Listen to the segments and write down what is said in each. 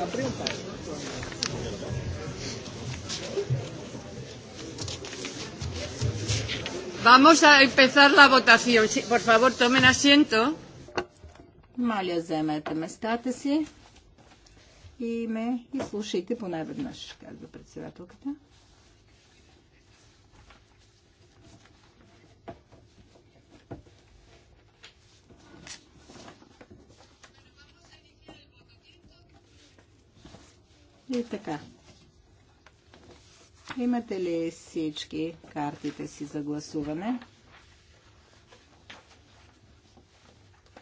Vamos a empezar la votación. Por favor, tomen asiento. Моля, заемете местата си и ме изслушайте поне веднъж, казва председателката. И така. Имате ли всички картите си за гласуване?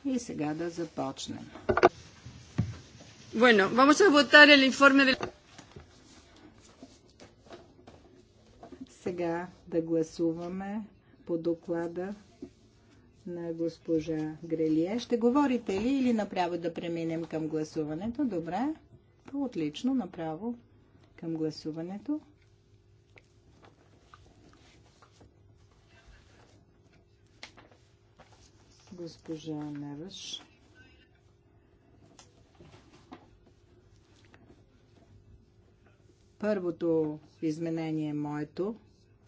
И сега да започнем. Bueno, vamos a votar el informe de... Сега да гласуваме по доклада на госпожа Грелие. Ще говорите ли или направо да преминем към гласуването? Добре. Отлично, направо към гласуването. Госпожа Невеш. Първото изменение е моето,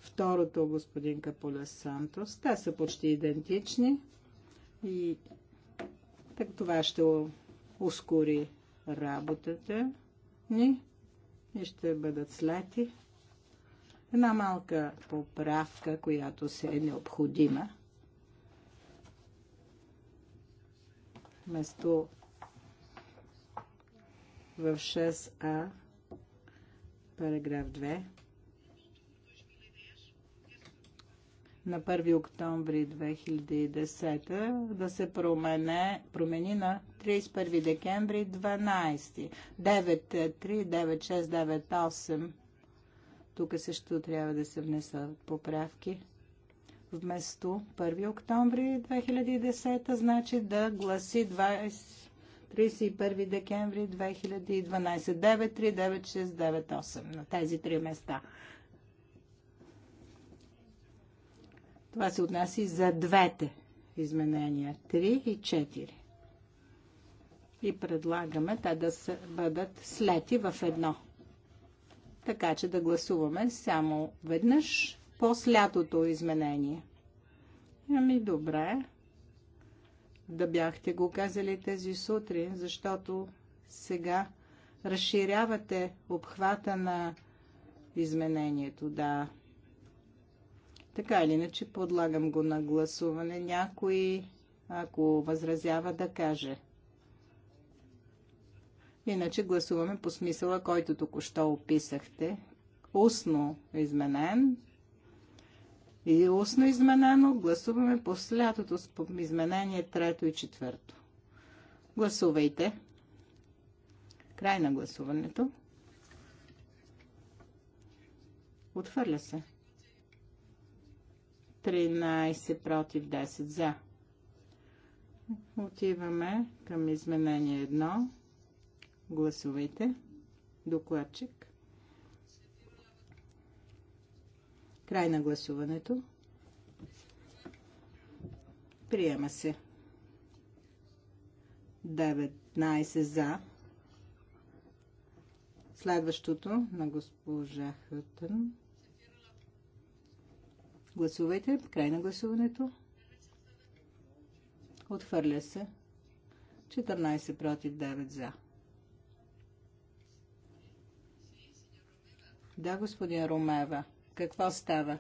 второто господин Каполя Сантос. Те са почти идентични и так това ще ускори работата ни и ще бъдат слети. Една малка поправка, която се е необходима. Вместо в 6а, параграф 2, на 1 октомври 2010 да се промене, промени на 31 декември 12. 93968. Тук също трябва да се внесат поправки. Вместо 1 октомври 2010, значи да гласи 20, 31 декември 2012. 93968 на тези три места. Това се отнася и за двете изменения 3 и 4. И предлагаме те да се бъдат слети в едно. Така че да гласуваме само веднъж по слятото изменение. Ами добре, да бяхте го казали тези сутрин, защото сега разширявате обхвата на изменението. Да, така или иначе, подлагам го на гласуване. Някой, ако възразява, да каже. Иначе гласуваме по смисъла, който току-що описахте. Устно изменен и устно изменено гласуваме по слятото с изменение трето и четвърто. Гласувайте. Край на гласуването. Отвърля се. 13 против 10 за. Отиваме към изменение 1. Гласувайте. Докладчик. Край на гласуването. Приема се. 19 за. Следващото на госпожа Хътън. Гласувайте. Край на гласуването. Отхвърля се. 14 против 9 за. Да, господин Ромева. Какво става?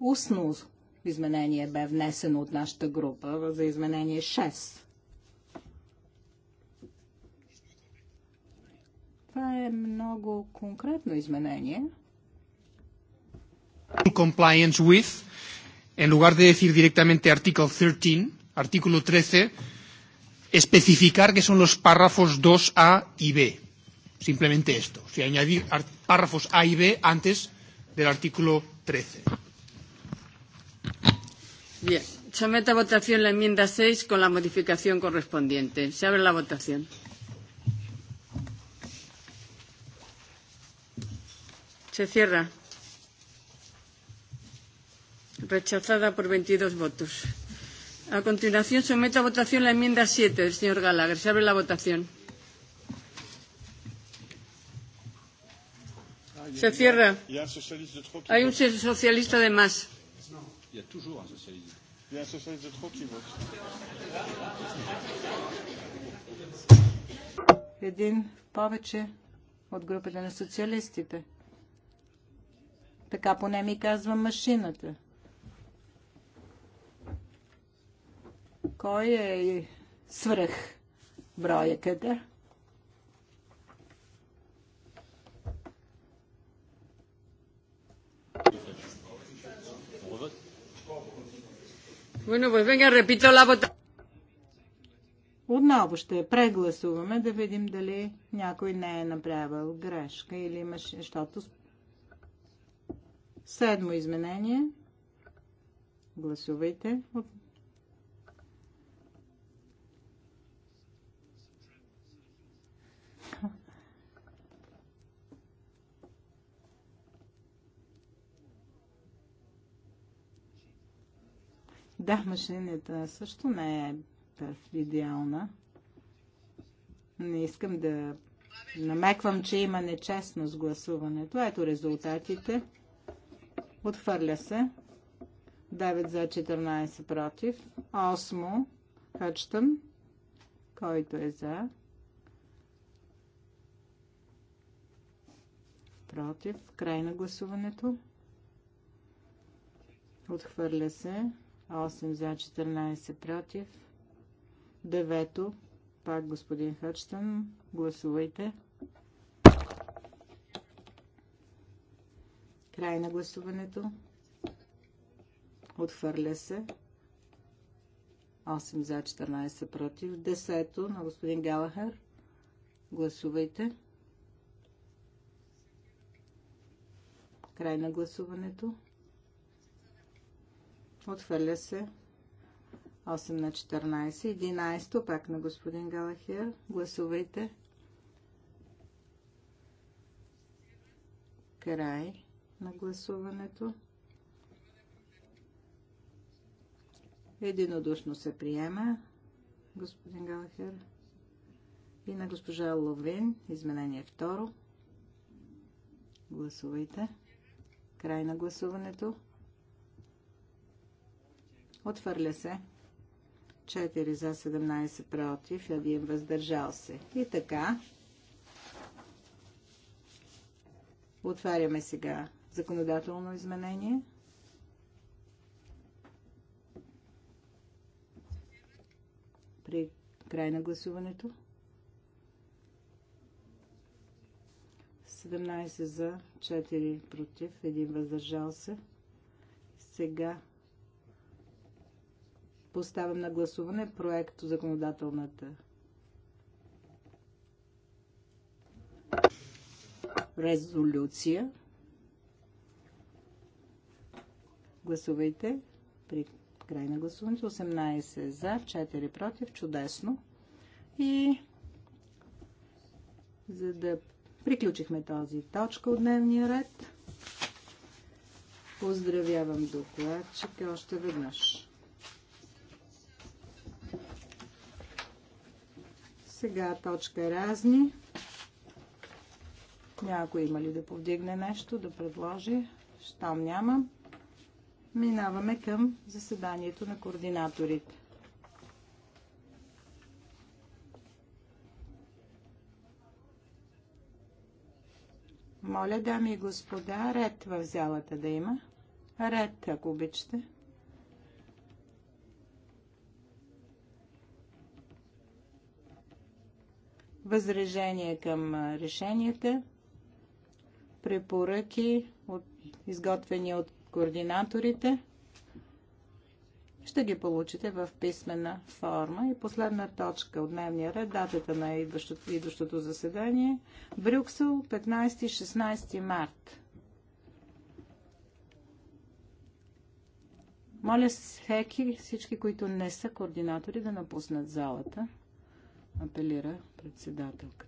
Устно изменение бе внесено от нашата група за изменение 6. Това е много конкретно изменение. Compliance with, en lugar de decir directamente artículo 13, artículo 13, especificar que son los párrafos 2A y B. Simplemente esto. O sea, añadir párrafos A y B antes del artículo 13. Bien. Someto a votación la enmienda 6 con la modificación correspondiente. Se abre la votación. Se cierra. Rechazada por 22 votos. A continuación, someto a votación la enmienda 7 del señor Gallagher. Se abre la votación. Se cierra. Hay un socialista de más. Един повече от групата на социалистите. Така поне ми казва машината. Кой е свръх броя къде? Отново ще прегласуваме да видим дали някой не е направил грешка или имаше, защото Седмо изменение. Гласувайте. Да, машината също не е идеална. Не искам да намеквам, че има нечестност гласуването. Ето резултатите. Отхвърля се. 9 за 14 против. 8. Хъчтън. Който е за. Против. Край на гласуването. Отхвърля се. 8 за 14 против. 9, Пак господин Хъчтън. Гласувайте. Край на гласуването. Отхвърля се. 8 за, 14 против. Десето на господин Галахер. Гласувайте. Край на гласуването. Отхвърля се. 8 на 14. 11 пак на господин Галахер. Гласувайте. Край на гласуването. Единодушно се приема господин Галахер и на госпожа Ловин. Изменение второ. Гласувайте. Край на гласуването. Отвърля се. 4 за 17 против, Един въздържал се. И така. Отваряме сега законодателно изменение. При край на гласуването. 17 за, 4 против, 1 въздържал се. Сега поставям на гласуване проекто законодателната резолюция. Гласувайте. При край на гласуването 18 за, 4 против. Чудесно. И за да приключихме този точка от дневния ред, поздравявам докладчика още веднъж. Сега точка разни. Някой има ли да повдигне нещо, да предложи? Щом няма. Минаваме към заседанието на координаторите. Моля, дами и господа, ред в залата да има. Ред, ако обичате. Възражение към решенията. Препоръки от изготвени от координаторите. Ще ги получите в писмена форма. И последна точка от дневния ред, датата на идващото, идващото заседание. Брюксел, 15-16 март. Моля всеки, всички, които не са координатори, да напуснат залата. Апелира председателка.